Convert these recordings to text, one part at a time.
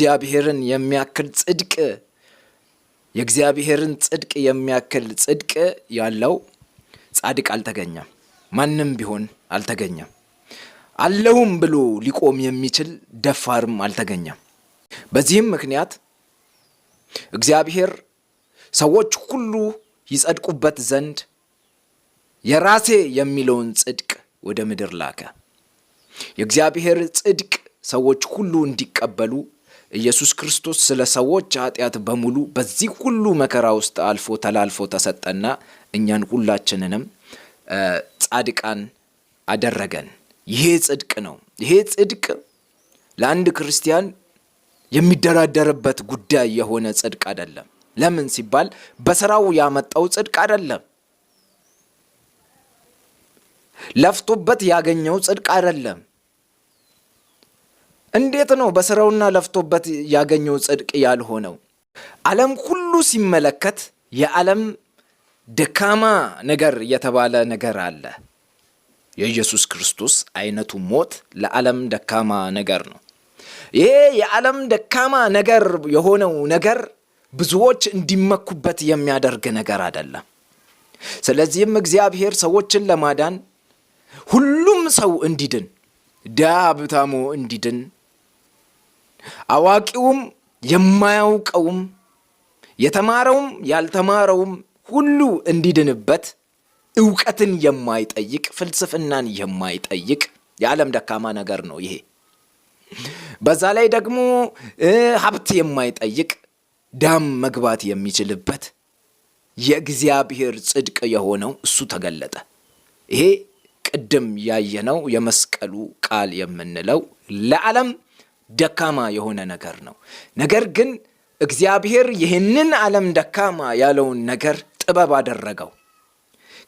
እግዚአብሔርን የሚያክል ጽድቅ የእግዚአብሔርን ጽድቅ የሚያክል ጽድቅ ያለው ጻድቅ አልተገኘም። ማንም ቢሆን አልተገኘም። አለሁም ብሎ ሊቆም የሚችል ደፋርም አልተገኘም። በዚህም ምክንያት እግዚአብሔር ሰዎች ሁሉ ይጸድቁበት ዘንድ የራሴ የሚለውን ጽድቅ ወደ ምድር ላከ። የእግዚአብሔር ጽድቅ ሰዎች ሁሉ እንዲቀበሉ ኢየሱስ ክርስቶስ ስለ ሰዎች ኃጢአት በሙሉ በዚህ ሁሉ መከራ ውስጥ አልፎ ተላልፎ ተሰጠና እኛን ሁላችንንም ጻድቃን አደረገን። ይሄ ጽድቅ ነው። ይሄ ጽድቅ ለአንድ ክርስቲያን የሚደራደርበት ጉዳይ የሆነ ጽድቅ አይደለም። ለምን ሲባል በስራው ያመጣው ጽድቅ አይደለም። ለፍቶበት ያገኘው ጽድቅ አይደለም። እንዴት ነው በስራውና ለፍቶበት ያገኘው ጽድቅ ያልሆነው? ዓለም ሁሉ ሲመለከት የዓለም ደካማ ነገር የተባለ ነገር አለ። የኢየሱስ ክርስቶስ አይነቱ ሞት ለዓለም ደካማ ነገር ነው። ይሄ የዓለም ደካማ ነገር የሆነው ነገር ብዙዎች እንዲመኩበት የሚያደርግ ነገር አይደለም። ስለዚህም እግዚአብሔር ሰዎችን ለማዳን ሁሉም ሰው እንዲድን፣ ዳ ብታሞ እንዲድን አዋቂውም የማያውቀውም የተማረውም ያልተማረውም ሁሉ እንዲድንበት እውቀትን የማይጠይቅ ፍልስፍናን የማይጠይቅ የዓለም ደካማ ነገር ነው ይሄ። በዛ ላይ ደግሞ ሀብት የማይጠይቅ ዳም መግባት የሚችልበት የእግዚአብሔር ጽድቅ የሆነው እሱ ተገለጠ። ይሄ ቅድም ያየነው የመስቀሉ ቃል የምንለው ለዓለም ደካማ የሆነ ነገር ነው። ነገር ግን እግዚአብሔር ይህንን ዓለም ደካማ ያለውን ነገር ጥበብ አደረገው።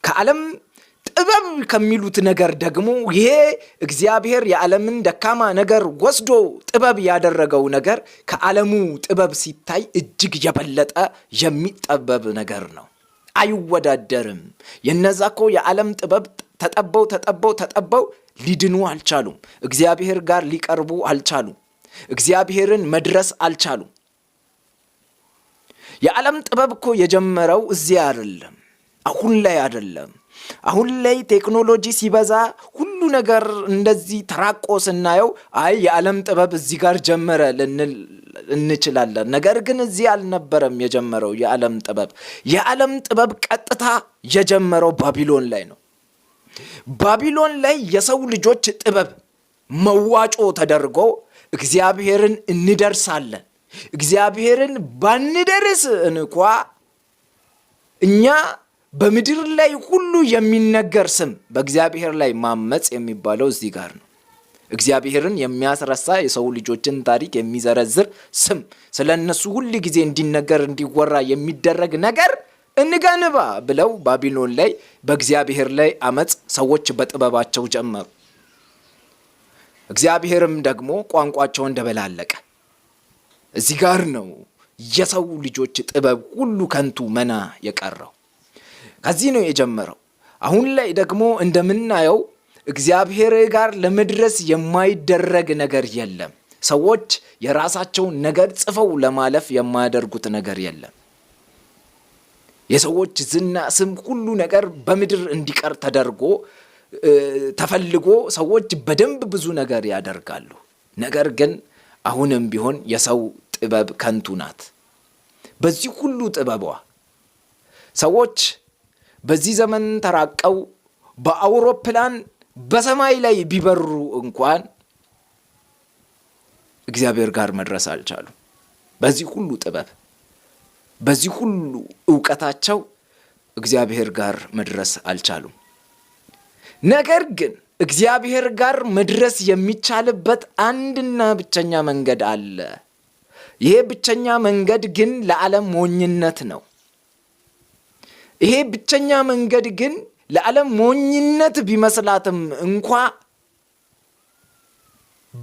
ከዓለም ጥበብ ከሚሉት ነገር ደግሞ ይሄ እግዚአብሔር የዓለምን ደካማ ነገር ወስዶ ጥበብ ያደረገው ነገር ከዓለሙ ጥበብ ሲታይ እጅግ የበለጠ የሚጠበብ ነገር ነው። አይወዳደርም። የነዛ ኮ የዓለም ጥበብ ተጠበው ተጠበው ተጠበው ሊድኑ አልቻሉም። እግዚአብሔር ጋር ሊቀርቡ አልቻሉም። እግዚአብሔርን መድረስ አልቻሉም። የዓለም ጥበብ እኮ የጀመረው እዚህ አይደለም፣ አሁን ላይ አይደለም። አሁን ላይ ቴክኖሎጂ ሲበዛ ሁሉ ነገር እንደዚህ ተራቆ ስናየው አይ የዓለም ጥበብ እዚህ ጋር ጀመረ ልንል እንችላለን። ነገር ግን እዚህ አልነበረም የጀመረው የዓለም ጥበብ። የዓለም ጥበብ ቀጥታ የጀመረው ባቢሎን ላይ ነው። ባቢሎን ላይ የሰው ልጆች ጥበብ መዋጮ ተደርጎ እግዚአብሔርን እንደርሳለን። እግዚአብሔርን ባንደርስ እንኳ እኛ በምድር ላይ ሁሉ የሚነገር ስም በእግዚአብሔር ላይ ማመፅ የሚባለው እዚህ ጋር ነው። እግዚአብሔርን የሚያስረሳ የሰው ልጆችን ታሪክ የሚዘረዝር ስም ስለ እነሱ ሁሉ ጊዜ እንዲነገር እንዲወራ የሚደረግ ነገር እንገንባ ብለው ባቢሎን ላይ በእግዚአብሔር ላይ አመፅ ሰዎች በጥበባቸው ጀመሩ። እግዚአብሔርም ደግሞ ቋንቋቸውን ደበላለቀ። እዚህ ጋር ነው የሰው ልጆች ጥበብ ሁሉ ከንቱ መና የቀረው። ከዚህ ነው የጀመረው። አሁን ላይ ደግሞ እንደምናየው እግዚአብሔር ጋር ለመድረስ የማይደረግ ነገር የለም። ሰዎች የራሳቸውን ነገር ጽፈው ለማለፍ የማያደርጉት ነገር የለም። የሰዎች ዝና፣ ስም፣ ሁሉ ነገር በምድር እንዲቀር ተደርጎ ተፈልጎ ሰዎች በደንብ ብዙ ነገር ያደርጋሉ። ነገር ግን አሁንም ቢሆን የሰው ጥበብ ከንቱ ናት። በዚህ ሁሉ ጥበቧ ሰዎች በዚህ ዘመን ተራቀው በአውሮፕላን በሰማይ ላይ ቢበሩ እንኳን እግዚአብሔር ጋር መድረስ አልቻሉ። በዚህ ሁሉ ጥበብ፣ በዚህ ሁሉ እውቀታቸው እግዚአብሔር ጋር መድረስ አልቻሉም። ነገር ግን እግዚአብሔር ጋር መድረስ የሚቻልበት አንድና ብቸኛ መንገድ አለ። ይሄ ብቸኛ መንገድ ግን ለዓለም ሞኝነት ነው። ይሄ ብቸኛ መንገድ ግን ለዓለም ሞኝነት ቢመስላትም እንኳ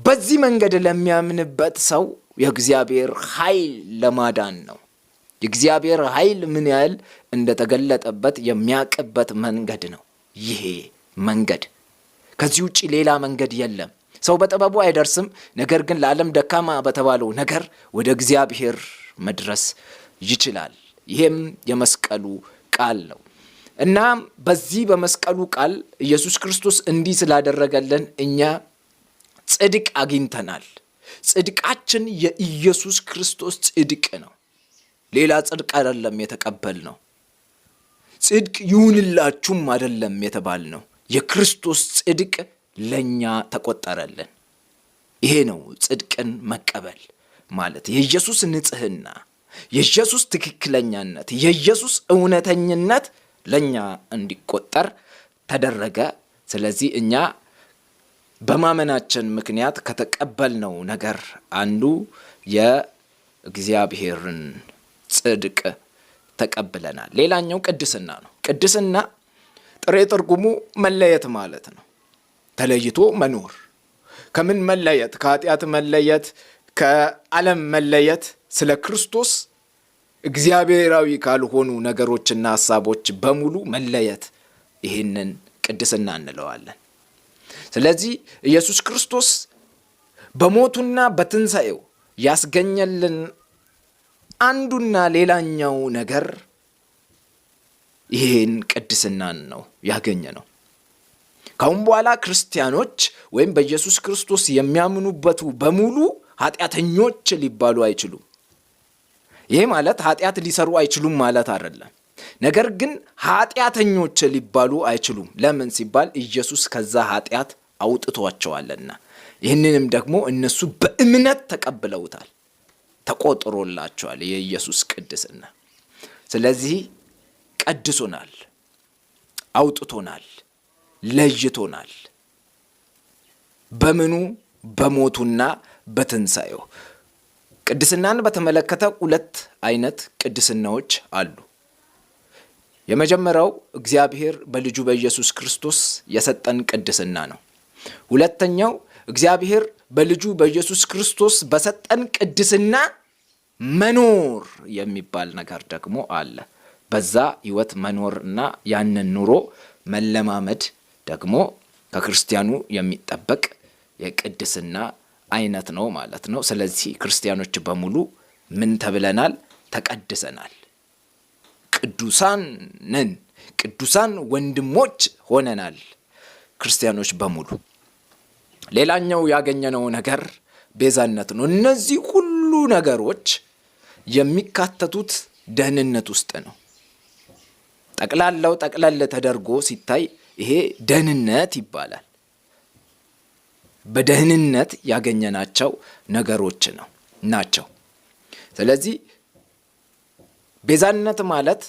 በዚህ መንገድ ለሚያምንበት ሰው የእግዚአብሔር ኃይል ለማዳን ነው። የእግዚአብሔር ኃይል ምን ያህል እንደተገለጠበት የሚያቅበት መንገድ ነው ይሄ። መንገድ። ከዚህ ውጭ ሌላ መንገድ የለም። ሰው በጥበቡ አይደርስም። ነገር ግን ለዓለም ደካማ በተባለው ነገር ወደ እግዚአብሔር መድረስ ይችላል። ይህም የመስቀሉ ቃል ነው እና በዚህ በመስቀሉ ቃል ኢየሱስ ክርስቶስ እንዲህ ስላደረገልን እኛ ጽድቅ አግኝተናል። ጽድቃችን የኢየሱስ ክርስቶስ ጽድቅ ነው። ሌላ ጽድቅ አይደለም የተቀበል ነው። ጽድቅ ይሁንላችሁም አይደለም የተባል ነው። የክርስቶስ ጽድቅ ለእኛ ተቆጠረልን። ይሄ ነው ጽድቅን መቀበል ማለት የኢየሱስ ንጽህና፣ የኢየሱስ ትክክለኛነት፣ የኢየሱስ እውነተኝነት ለእኛ እንዲቆጠር ተደረገ። ስለዚህ እኛ በማመናችን ምክንያት ከተቀበልነው ነገር አንዱ የእግዚአብሔርን ጽድቅ ተቀብለናል። ሌላኛው ቅድስና ነው። ቅድስና ጥሬ ትርጉሙ መለየት ማለት ነው። ተለይቶ መኖር ከምን መለየት? ከኃጢአት መለየት፣ ከዓለም መለየት፣ ስለ ክርስቶስ እግዚአብሔራዊ ካልሆኑ ነገሮችና ሀሳቦች በሙሉ መለየት። ይህንን ቅድስና እንለዋለን። ስለዚህ ኢየሱስ ክርስቶስ በሞቱና በትንሣኤው ያስገኘልን አንዱና ሌላኛው ነገር ይህን ቅድስናን ነው ያገኘ ነው። ካሁን በኋላ ክርስቲያኖች ወይም በኢየሱስ ክርስቶስ የሚያምኑበቱ በሙሉ ኃጢአተኞች ሊባሉ አይችሉም። ይህ ማለት ኃጢአት ሊሰሩ አይችሉም ማለት አይደለም። ነገር ግን ኃጢአተኞች ሊባሉ አይችሉም። ለምን ሲባል ኢየሱስ ከዛ ኃጢአት አውጥቷቸዋልና። ይህንንም ደግሞ እነሱ በእምነት ተቀብለውታል፣ ተቆጥሮላቸዋል የኢየሱስ ቅድስና። ስለዚህ ቀድሶናል፣ አውጥቶናል፣ ለይቶናል። በምኑ በሞቱና በትንሣኤው። ቅድስናን በተመለከተ ሁለት አይነት ቅድስናዎች አሉ። የመጀመሪያው እግዚአብሔር በልጁ በኢየሱስ ክርስቶስ የሰጠን ቅድስና ነው። ሁለተኛው እግዚአብሔር በልጁ በኢየሱስ ክርስቶስ በሰጠን ቅድስና መኖር የሚባል ነገር ደግሞ አለ። በዛ ህይወት መኖር እና ያንን ኑሮ መለማመድ ደግሞ ከክርስቲያኑ የሚጠበቅ የቅድስና አይነት ነው ማለት ነው። ስለዚህ ክርስቲያኖች በሙሉ ምን ተብለናል? ተቀድሰናል። ቅዱሳን ነን። ቅዱሳን ወንድሞች ሆነናል ክርስቲያኖች በሙሉ። ሌላኛው ያገኘነው ነገር ቤዛነት ነው። እነዚህ ሁሉ ነገሮች የሚካተቱት ደህንነት ውስጥ ነው። ጠቅላላው ጠቅለል ተደርጎ ሲታይ ይሄ ደህንነት ይባላል። በደህንነት ያገኘናቸው ነገሮች ነው ናቸው። ስለዚህ ቤዛነት ማለት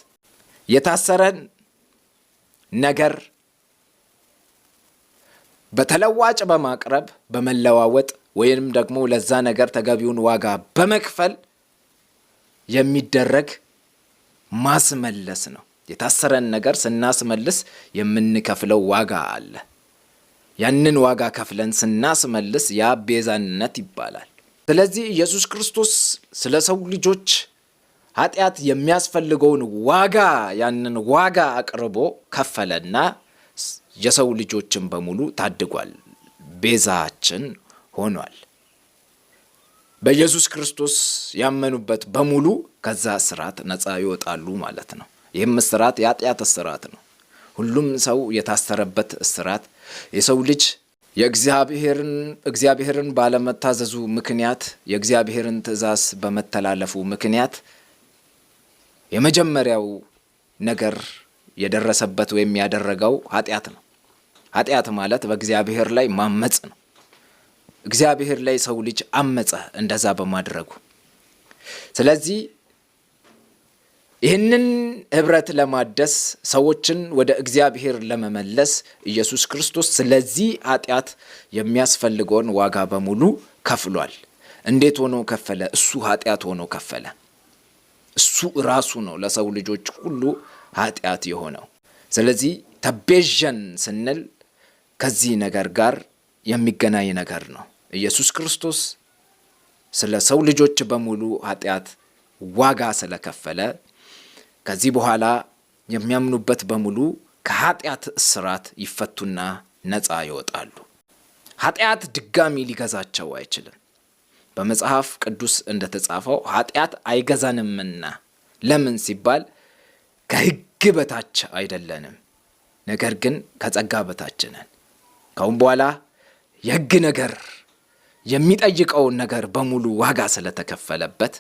የታሰረን ነገር በተለዋጭ በማቅረብ በመለዋወጥ ወይንም ደግሞ ለዛ ነገር ተገቢውን ዋጋ በመክፈል የሚደረግ ማስመለስ ነው። የታሰረን ነገር ስናስመልስ የምንከፍለው ዋጋ አለ። ያንን ዋጋ ከፍለን ስናስመልስ ያ ቤዛነት ይባላል። ስለዚህ ኢየሱስ ክርስቶስ ስለ ሰው ልጆች ኃጢአት የሚያስፈልገውን ዋጋ ያንን ዋጋ አቅርቦ ከፈለና የሰው ልጆችን በሙሉ ታድጓል። ቤዛችን ሆኗል። በኢየሱስ ክርስቶስ ያመኑበት በሙሉ ከዛ ስርዓት ነፃ ይወጣሉ ማለት ነው። ይህም እስራት የኃጢአት እስራት ነው። ሁሉም ሰው የታሰረበት እስራት የሰው ልጅ የእግዚአብሔርን እግዚአብሔርን ባለመታዘዙ ምክንያት የእግዚአብሔርን ትእዛዝ በመተላለፉ ምክንያት የመጀመሪያው ነገር የደረሰበት ወይም ያደረገው ኃጢአት ነው። ኃጢአት ማለት በእግዚአብሔር ላይ ማመፅ ነው። እግዚአብሔር ላይ ሰው ልጅ አመፀ እንደዛ በማድረጉ ስለዚህ ይህንን ህብረት ለማደስ ሰዎችን ወደ እግዚአብሔር ለመመለስ ኢየሱስ ክርስቶስ ስለዚህ ኃጢአት የሚያስፈልገውን ዋጋ በሙሉ ከፍሏል። እንዴት ሆኖ ከፈለ? እሱ ኃጢአት ሆኖ ከፈለ። እሱ ራሱ ነው ለሰው ልጆች ሁሉ ኃጢአት የሆነው። ስለዚህ ተቤዣን ስንል ከዚህ ነገር ጋር የሚገናኝ ነገር ነው። ኢየሱስ ክርስቶስ ስለ ሰው ልጆች በሙሉ ኃጢአት ዋጋ ስለከፈለ ከዚህ በኋላ የሚያምኑበት በሙሉ ከኃጢአት እስራት ይፈቱና ነፃ ይወጣሉ። ኃጢአት ድጋሚ ሊገዛቸው አይችልም። በመጽሐፍ ቅዱስ እንደተጻፈው ኃጢአት አይገዛንምና ለምን ሲባል ከሕግ በታች አይደለንም፣ ነገር ግን ከጸጋ በታች ነን። ካሁን በኋላ የሕግ ነገር የሚጠይቀውን ነገር በሙሉ ዋጋ ስለተከፈለበት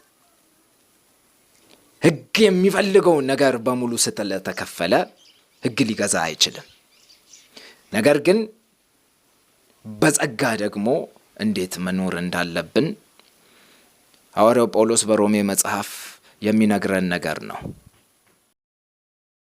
ህግ የሚፈልገውን ነገር በሙሉ ስለተከፈለ ህግ ሊገዛ አይችልም። ነገር ግን በጸጋ ደግሞ እንዴት መኖር እንዳለብን ሐዋርያው ጳውሎስ በሮሜ መጽሐፍ የሚነግረን ነገር ነው።